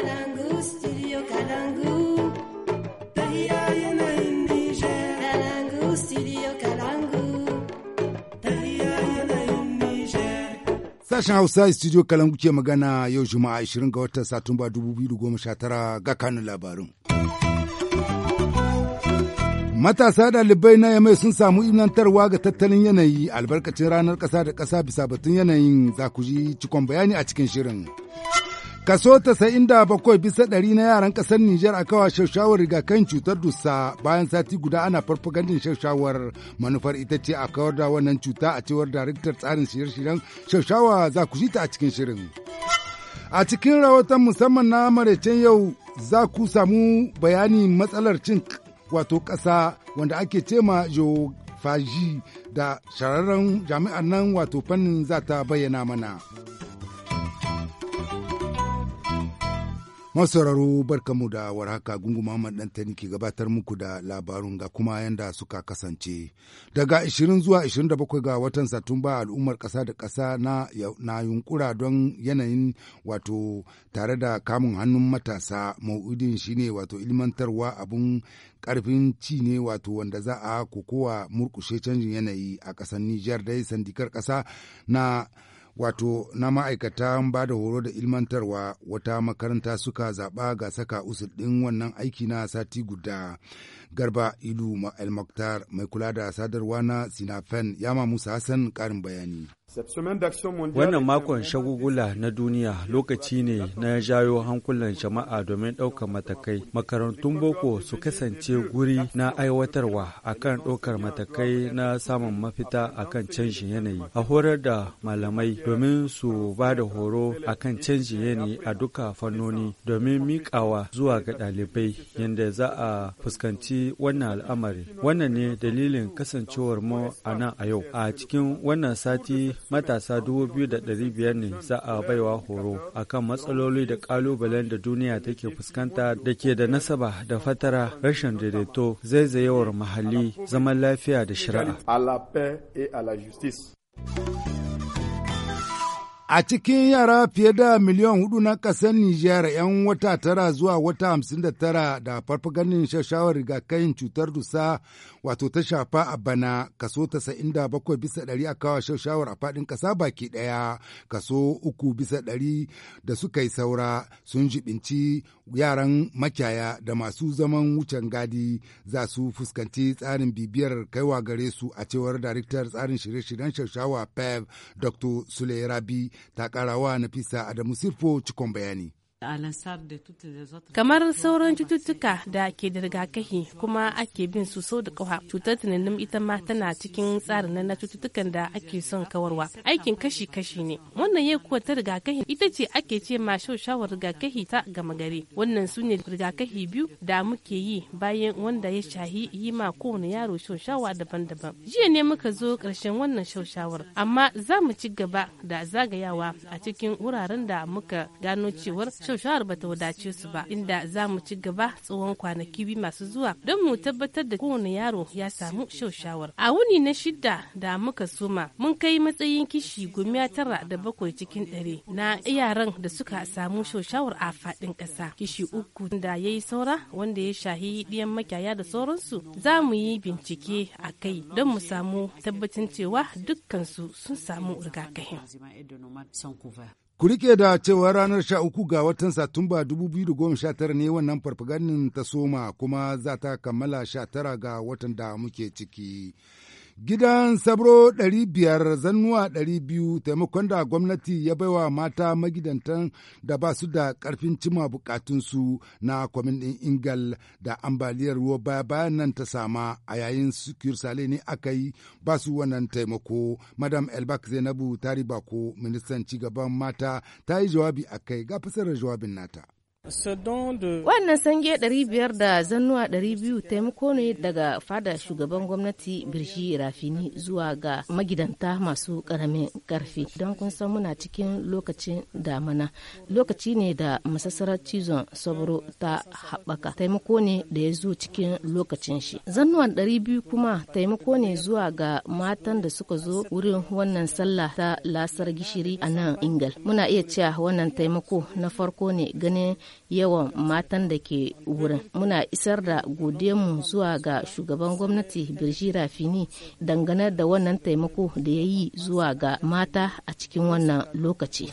Kalangu, studio Kalangu. yanayin Kalangu, studio Kalangu. yanayin Sashen Hausa studio Kalangu ke magana yau Juma'a 20 ga watan Satumba 2019 ga kanun labarin. Matasa ɗalibai na Yamai sun samu imantarwa ga tattalin yanayi albarkacin ranar ƙasa da ƙasa bisa batun yanayin zakuji cikon bayani a cikin shirin. Kaso 97 bisa ɗari na yaran ƙasar Nijar a kawa shawar rigakafin cutar dusa bayan sati guda ana farfagandin shawar manufar ita ce a kawar da wannan cuta a cewar daraktar tsarin shirye-shiryen shawa za ku ta a cikin shirin. A cikin rahoton musamman na maraicen yau za ku samu bayani matsalar cin wato ƙasa wanda ake cema geophagy da shararren jami'an nan wato fannin za ta bayyana mana. masauraro barkamu da warhaka gungu Muhammad tani ke gabatar muku da labarun ga kuma yanda suka kasance. Daga 20 zuwa 27 ga watan Satumba al'ummar ƙasa da kasa na, yunkura don yanayin wato tare da kamun hannun matasa maudin shine wato ilmantarwa abun karfin ci ne wato wanda za a kokowa murkushe canjin yanayi a ƙasar Nijar dai sandikar kasa na wato na ma'aikata ba da horo da ilmantarwa wata makaranta suka zaɓa ga saka usul ɗin wannan aiki na sati guda garba ilu ma'aikatar mai kula da sadarwa na sinafen yama musa hassan ƙarin bayani Wannan makon shagugula na duniya lokaci ne na jayo hankulan jama'a domin ɗaukar matakai. Makarantun boko su kasance guri na aiwatarwa a kan ɗaukar matakai na samun mafita akan canjin yanayi. A horar da malamai domin su ba da horo akan canjin yanayi a duka fannoni domin miƙawa zuwa ga ɗalibai yadda za a fuskanci wannan al'amari. Wannan ne dalilin kasancewar mu a nan a yau. A cikin wannan sati matasa 2,500 ne za a baiwa horo akan matsaloli da kalubalen da duniya take fuskanta da ke da nasaba da fatara rashin daidaito zaizayewar mahalli zaman lafiya da shari'a. A cikin yara fiye da miliyan hudu na ƙasar Nijar 'yan wata tara zuwa wata hamsin da tara da ganin shashawar rigakafin cutar dusa wato ta shafa a bana kaso tasa'in da bakwai bisa ɗari a kawo shashawar a faɗin ƙasa baki ɗaya kaso uku bisa ɗari da suka yi saura sun jibinci yaran makyaya da masu zaman wucin gadi za su fuskanci tsarin bibiyar kaiwa gare su a cewar daraktar tsarin shirye-shiryen shashawa PEV Dr. Sule Rabi ta wa Nafisa Adamu Sirfo cikon bayani. Kamar sauran cututtuka da ke da rigakafi kuma ake bin su sau da kawa cutar tunanin ita ma tana cikin tsarin na cututtukan da ake son kawarwa. Aikin kashi-kashi ne. Wannan ya kuwa ta rigakafi ita ce ake ce ma shawar rigakafi ta gama gari. Wannan su ne rigakafi biyu da muke yi bayan wanda ya shahi yi ma kowane yaro shawa daban-daban. Jiya ne muka zo karshen wannan shawar amma za mu ci gaba da zagayawa a cikin wuraren da muka gano cewar shawarar bata wadace su ba inda za mu ci gaba tsohon kwanaki biyu masu zuwa don mu tabbatar da kowane yaro ya samu shawar. A wuni na shida da muka soma mun kai matsayin kishi gumiya tara da bakwai cikin ɗari na yaran da suka samu shawar a faɗin ƙasa. Kishi uku da ya yi saura wanda ya shahi ɗiyan makyaya da sauransu za mu yi bincike a kai don mu samu tabbacin cewa dukkansu sun samu rigakafin. Ku rike da cewa ranar sha uku ga watan Satumba 2019 ne wannan farfaganin ta soma kuma za ta kammala sha tara ga watan da muke ciki. Gidan sabro 500 zannuwa 200 taimakon da gwamnati ya baiwa mata magidantan da ba su da karfin cima bukatunsu na kwamin ɗin Ingal da ambaliyar ruwa baya bayan nan ta sama a yayin sukursale ne aka yi ba su wannan taimako. Madam Elbak Zainabu ko ministan cigaban mata ta yi jawabi a kai ga fasarar jawabin nata. Wannan sange 500 da zannuwa 200 taimako ne daga fada shugaban gwamnati Birji Rafini zuwa ga magidanta masu karamin karfi. Don kun san muna cikin lokacin damana. Lokaci ne da masassarar cizon sabro ta haɓaka. Taimako ne da ya zo cikin lokacin shi. Zannuwan 200 kuma taimako ne zuwa ga matan da suka zo wurin wannan sallah ta lasar gishiri a nan Ingal. Muna iya cewa wannan taimako na farko ne ganin yawan matan da ke wurin muna isar da mu zuwa ga shugaban gwamnati birji rafini dangane da wannan taimako da ya yi zuwa ga mata a cikin wannan lokaci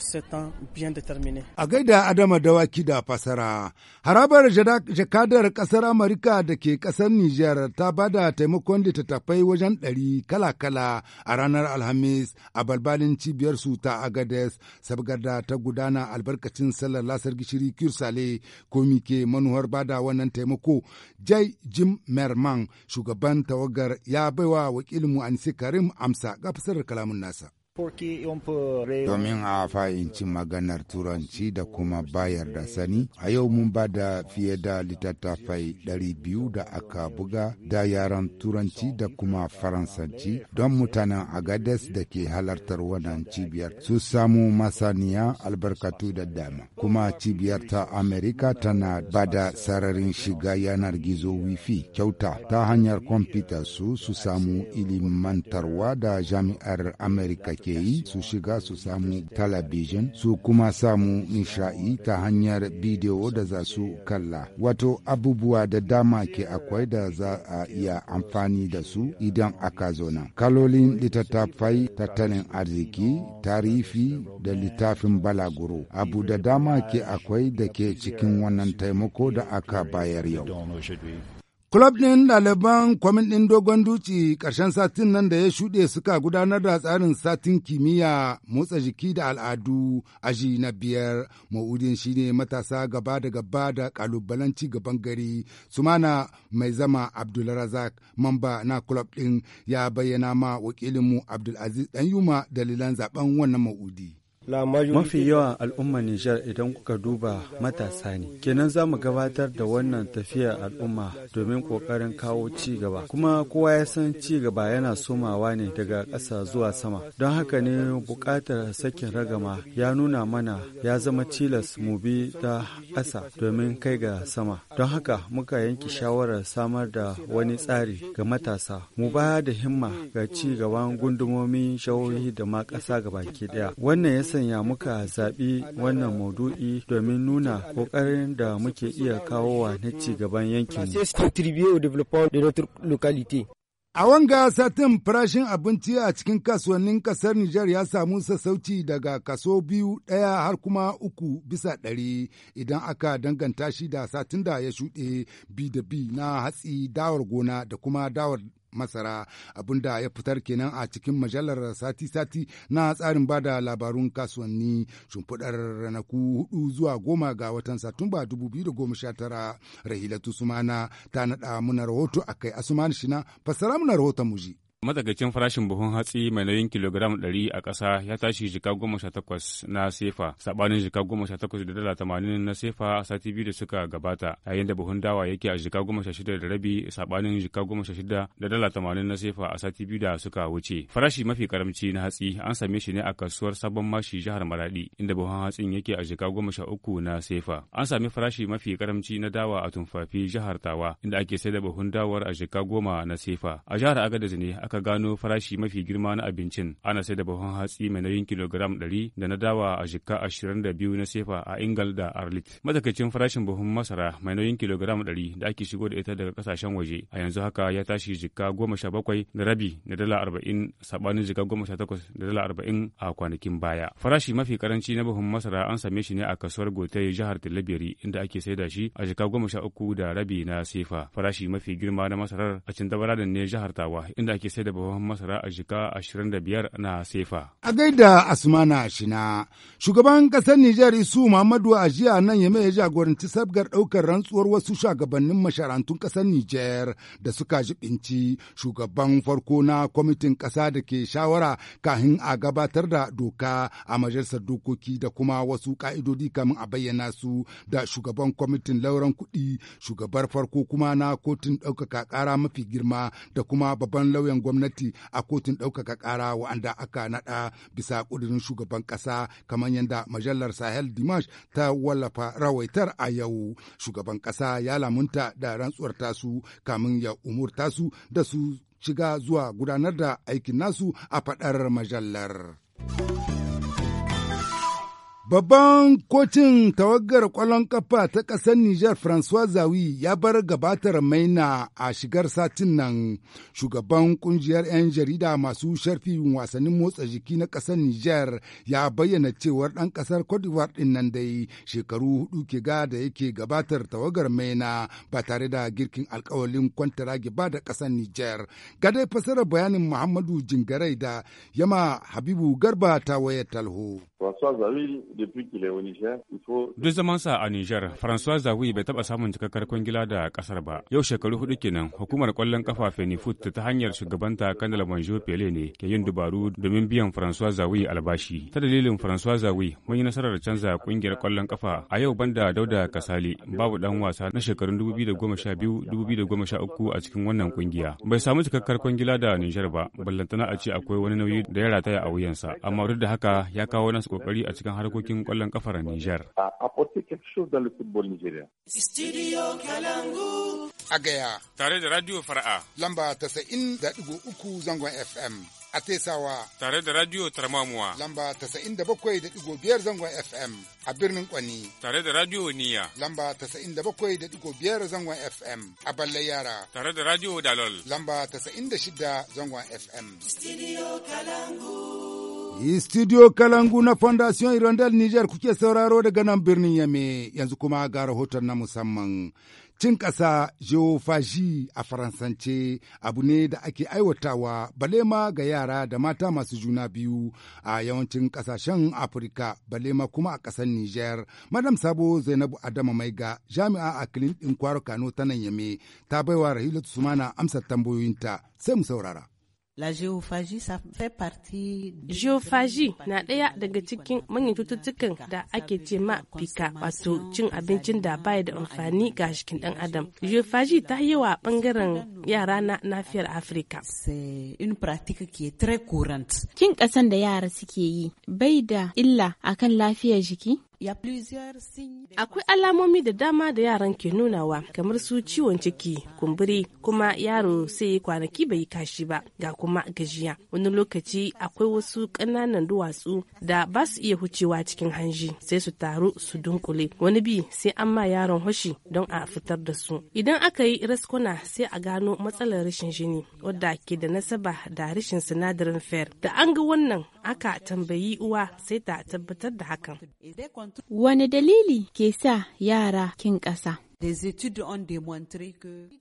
a gaida adama dawaki da fasara harabar jakadar kasar amurka da ke kasar nijar ta bada taimakon littattafai wajen ɗari kala-kala a ranar alhamis a balbalin cibiyar su ta agades sabgar da ta gudana albarkacin sallar lasar gishiri kirsa misali komi ke manuwar bada wannan taimako jai jim merman shugaban tawagar ya baiwa wakilinmu ansi karim amsa ga fasarar kalamun nasa Domin a fahimci maganar Turanci da kuma bayar da sani, a yau mun ba da fiye da littattafai 200 da aka buga da yaran Turanci da kuma Faransanci don mutanen Agades da ke halartar wannan cibiyar su samu masaniya albarkatu da dama. Kuma cibiyar ta Amerika tana ba da sararin shiga yanar gizo wifi kyauta ta hanyar kwamfuta su su samu ilimantarwa da jami'ar Amerika ke yi su shiga su samu talabijin su kuma samu nishaɗi ta hanyar bidiyo da za su kalla. Wato abubuwa da dama ke akwai da za a iya amfani da su idan aka zona. Kalolin littattafai tattalin arziki, tarifi da littafin balaguro. Abu da dama ke akwai da ke cikin wannan taimako da aka bayar yau. Kulob ɗin ɗaliban kwamin ɗin dogon duci ƙarshen satin nan da ya shuɗe suka gudanar da tsarin satin kimiyya motsa jiki da al'adu aji na biyar ma'udin ne matasa gaba da gaba da ƙalubalen ci gaban gari sumana mai zama abdulrazak mamba na kulob ɗin ya bayyana ma wakilinmu abdulaziz ɗanyuma dalilan zaben wannan ma'udi. Mafi yawan al'umma Nijar idan kuka duba matasa ne. Kenan za mu gabatar da wannan tafiyar al'umma domin ƙoƙarin kawo ci gaba. Kuma kowa ya san ci gaba yana somawa ne daga ƙasa zuwa sama. Don haka ne buƙatar sakin ragama ya nuna mana ya zama tilas mu bi ta ƙasa domin kai ga sama. Don haka muka yanke shawarar samar da wani tsari ga matasa. Mu baya da himma ga ci gaban gundumomin shahohi da ma ƙasa gabaki ɗaya. Wannan ya sanya muka zaɓi wannan maudu'i domin nuna ƙoƙarin da muke iya kawo wa na ci gaban yankin. A wanga satin farashin abinci a cikin kasuwannin kasar Nijar ya samu sassauci daga kaso biyu ɗaya har kuma uku bisa ɗari idan aka danganta shi da satin da ya shuɗe bi da bi na hatsi dawar gona da kuma dawar masara abin da ya fitar kenan a cikin majalar sati-sati na tsarin ba da labarun kasuwanni shimfiɗar ranaku hudu zuwa goma ga watan satumba 2019 rahilatu sumana ta naɗa muna rahoto akai asumani shina fassara muna rahoton muji. matsakaicin farashin buhun hatsi mai nauyin kilogram 100 a ƙasa ya tashi jika 18 na sefa sabanin jika 18 da dala 80 na sefa a sati biyu da suka gabata yayin da buhun dawa yake a jika 16 da rabi sabanin jika 16 da dala 80 na sefa a sati biyu da suka wuce farashi mafi karamci na hatsi an same shi ne a kasuwar sabon mashi jihar maradi inda buhun hatsin yake a jika 13 na sefa an sami farashi mafi karamci na dawa a tumfafi jihar tawa inda ake sai da buhun dawar a jika 10 na sefa a jihar agadez ne aka aka gano farashi mafi girma na abincin ana sai da buhun hatsi mai nauyin kilogram 100 da na dawa a jikka 22 na sefa a ingal da arlit matsakaicin farashin buhun masara mai nauyin kilogram 100 da ake shigo da ita daga kasashen waje a yanzu haka ya tashi jikka 17 da rabi da dala 40 sabanin jikka 18 da dala 40 a kwanakin baya farashi mafi karanci na buhun masara an same shi ne a kasuwar gotel jihar tilabiri inda ake saida shi a jikka 13 da rabi na sefa farashi mafi girma na masarar a cintabara da ne jihar tawa inda ake sai da babban masara a shika 25 na sefa. A gaida Asmana Shina, shugaban ƙasar Nijar Isu Muhammadu a jiya nan ya ya jagoranci sabgar ɗaukar rantsuwar wasu shugabannin masharantun ƙasar Nijar da suka jibinci shugaban farko na kwamitin ƙasa da ke shawara kahin a gabatar da doka a majalisar dokoki da kuma wasu ƙa'idodi kamin a bayyana su da shugaban kwamitin lauran kuɗi shugabar farko kuma na kotun ɗaukaka ƙara mafi girma da kuma babban lauyan gwamnati a kotun ɗaukaka ƙara wa'anda aka naɗa bisa ƙudurin shugaban ƙasa kamar yadda majallar Sahel Dimash ta wallafa rawaitar a yau. Shugaban ƙasa ya lamunta da rantsuwar tasu kamin ya umurta su da su shiga zuwa gudanar da aikin nasu a faɗar majallar. Babban kocin tawagar ƙwallon kafa ta ƙasar Nijar François Zawi ya bar gabatar maina a shigar satin nan shugaban ƙungiyar 'yan jarida masu sharfin wasannin motsa jiki na ƙasar Nijar ya bayyana cewar ɗan ƙasar Cote d'Ivoire ɗin nan dai shekaru hudu ke ga da yake gabatar tawagar maina ba tare da girkin alkawalin kwantara ba da ƙasar Nijar. gadai fasara bayanin Muhammadu Jingarai da Yama Habibu Garba ta wayar talho. Duk zaman sa a Nijar, François Zawi bai taɓa samun cikakkar kwangila da ƙasar ba. Yau shekaru hudu kenan, hukumar ƙwallon ƙafa Fenifoot ta hanyar shugabanta Kandala Manjo Pele ne ke yin dubaru domin biyan François Zawi albashi. Ta dalilin François Zawi, mun yi nasarar canza kungiyar ƙwallon ƙafa. A yau banda Dauda Kasali, babu dan wasa na shekarun 2012-2013 a cikin wannan ƙungiya. Bai samu cikakkar kwangila da Nijar ba, ballantana a ce akwai wani nauyi da ya rataya a wuyansa. Amma duk da haka ya kawo nasu kokari a cikin harkokin yankin kwallon kafar Nijar. Studio Kalangu. A gaya. Tare da Radio Fara'a. Lamba tasa'in da ɗigo uku zangon FM. A Tesawa. Tare da Radio Tarmamuwa. Lamba tasa'in da bakwai da ɗigo biyar zangon FM. A birnin Kwani. Tare da Radio Niya. Lamba tasa'in da bakwai da ɗigo biyar zangon FM. A Balle Yara. Tare da Radio Dalol. Lamba tasa'in da shida zangon FM. Studio Kalangu. Studio Kalangu na Fondation Irondel Niger kuke sauraro daga nan birnin Yame yanzu kuma ga rahoton na musamman. Cin ƙasa geophagy a Faransance abu ne da ake aiwatawa balema ga yara da mata masu juna biyu a yawancin ƙasashen Afirka balema kuma a ƙasar Niger. Madam Sabo Zainabu Adama mai ga jami'a a Kilin ɗin Kwaro Kano ta nan Yame ta baiwa Rahilatu Sumana amsar tambayoyinta sai mu saurara. La na ɗaya daga cikin manyan cututtukan da ake ce ma pika wato cin abincin da baya da amfani ga jikin ɗan adam. Geophagie ta yi wa ɓangaren yara na nafiyar Afirka. Kin ƙasan da yara suke yi bai da illa akan lafiyar jiki? Akwai alamomi da dama da yaran ke nunawa kamar su ciwon ciki, kumburi, kuma yaro sai kwanaki bai kashi ba ga kuma gajiya. Wani lokaci akwai wasu ƙananan duwatsu da ba su iya hucewa cikin hanji sai su taru su dunkule. Wani bi sai an ma yaron hoshi don a fitar da su. Idan aka yi raskuna sai a gano matsalar rashin jini wadda ke da nasaba da rashin sinadarin fer. Da an ga wannan aka tambayi uwa sai ta tabbatar da hakan. Wani dalili ke sa yara kin ƙasa?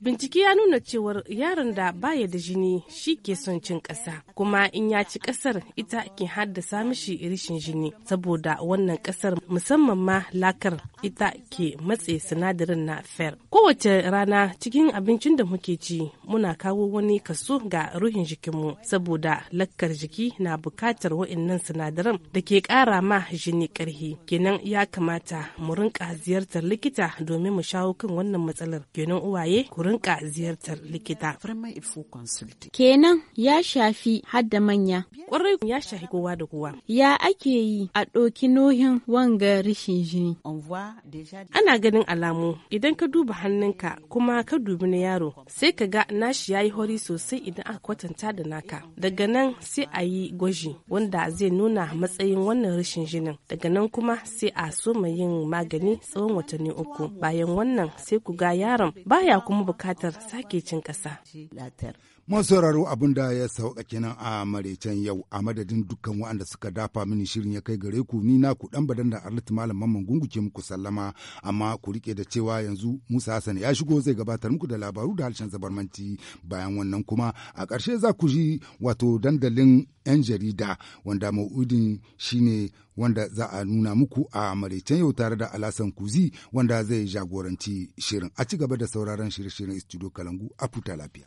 Bincike ya nuna cewar yaron da baya da jini shi ke son cin ƙasa, kuma in ya ci ƙasar ita ke haddasa mishi rishin jini, saboda wannan ƙasar musamman ma lakar ita ke matse sinadarin na fer. Kowace rana cikin abincin da muke ci muna kawo wani kaso ga ruhin jikinmu, saboda lakkar jiki na bukatar waɗannan sinadaran da ke ƙara ma jini ƙarfi. Kenan ya kamata mu rinka ziyartar likita domin mu shawo shawo kan wannan matsalar kenan uwaye ku rinka ziyartar likita kenan ya shafi hadda manya kwarai ya shafi kowa da kowa ya ake yi a ɗoki nohin wanga rashin jini ana ganin alamu idan ka duba hannunka kuma ka dubi na yaro sai ka ga nashi yayi yi hori sosai idan aka kwatanta da naka daga nan sai a yi gwaji wanda zai nuna matsayin wannan rashin jinin daga nan kuma sai a soma yin magani tsawon watanni uku bayan wannan nan sai ku ga yaron baya kuma bukatar sake cin ƙasa. sauraro abin da ya sauka kenan a maraicen yau a madadin dukkan waɗanda suka dafa mini shirin ya kai gare ku ni na ku dan badan da arlit malam mamman gungu ke muku sallama amma ku rike da cewa yanzu Musa Hassan ya shigo zai gabatar muku da labaru da harshen zabarmanci bayan wannan kuma a ƙarshe za ku ji wato dandalin 'yan jarida wanda ma'udin shine wanda za a nuna muku a maraicen yau tare da alasan kuzi wanda zai jagoranci shirin a ci gaba da sauraron shirye-shiryen studio kalangu a futa lafiya.